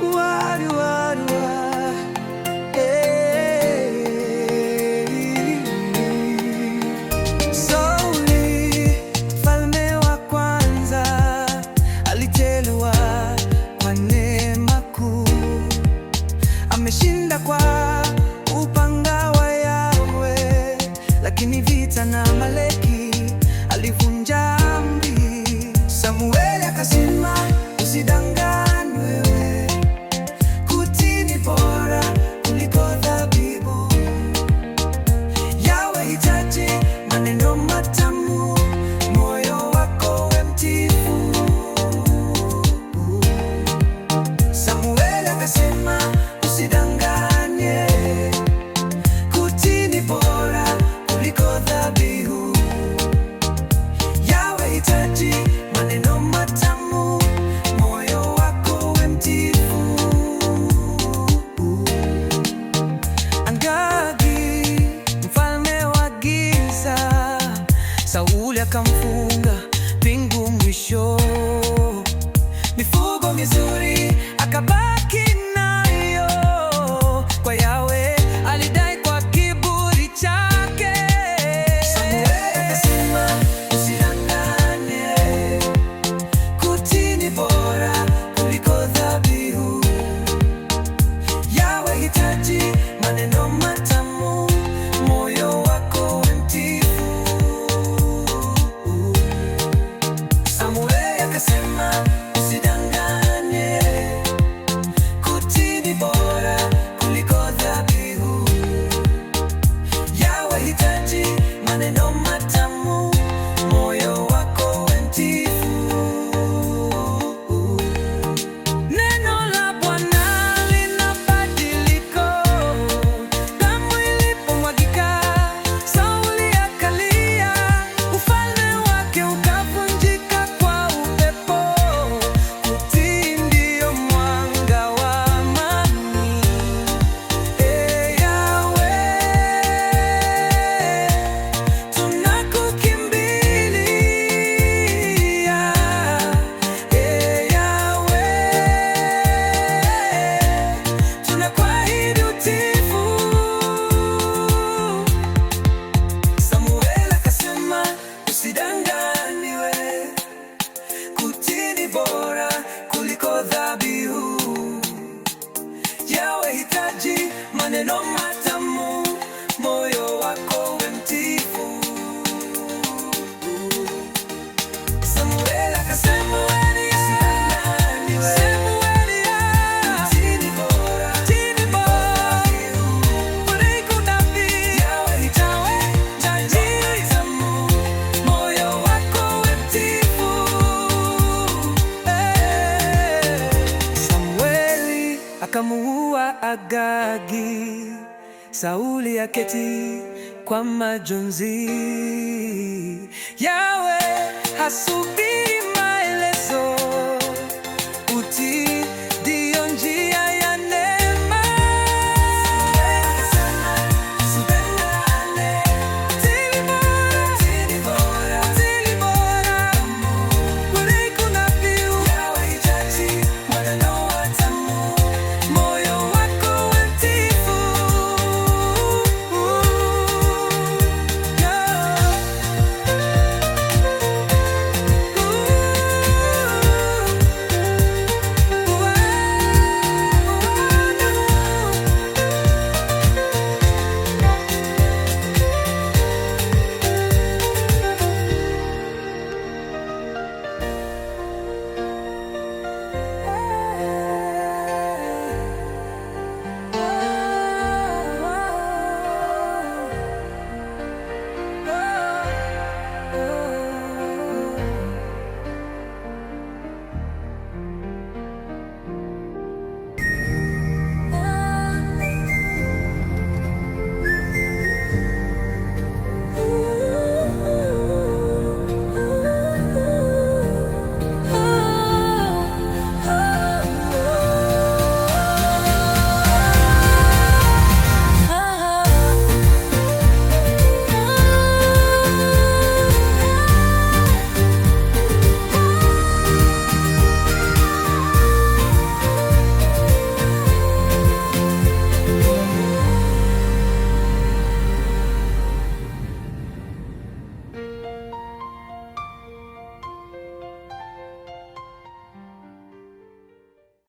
aquário Nasema usidanganye, kutii bora kuliko dhabihu. Yawahitaji maneno toda a akamuua Agagi. Sauli aketi kwa majonzi, Yawe hasuki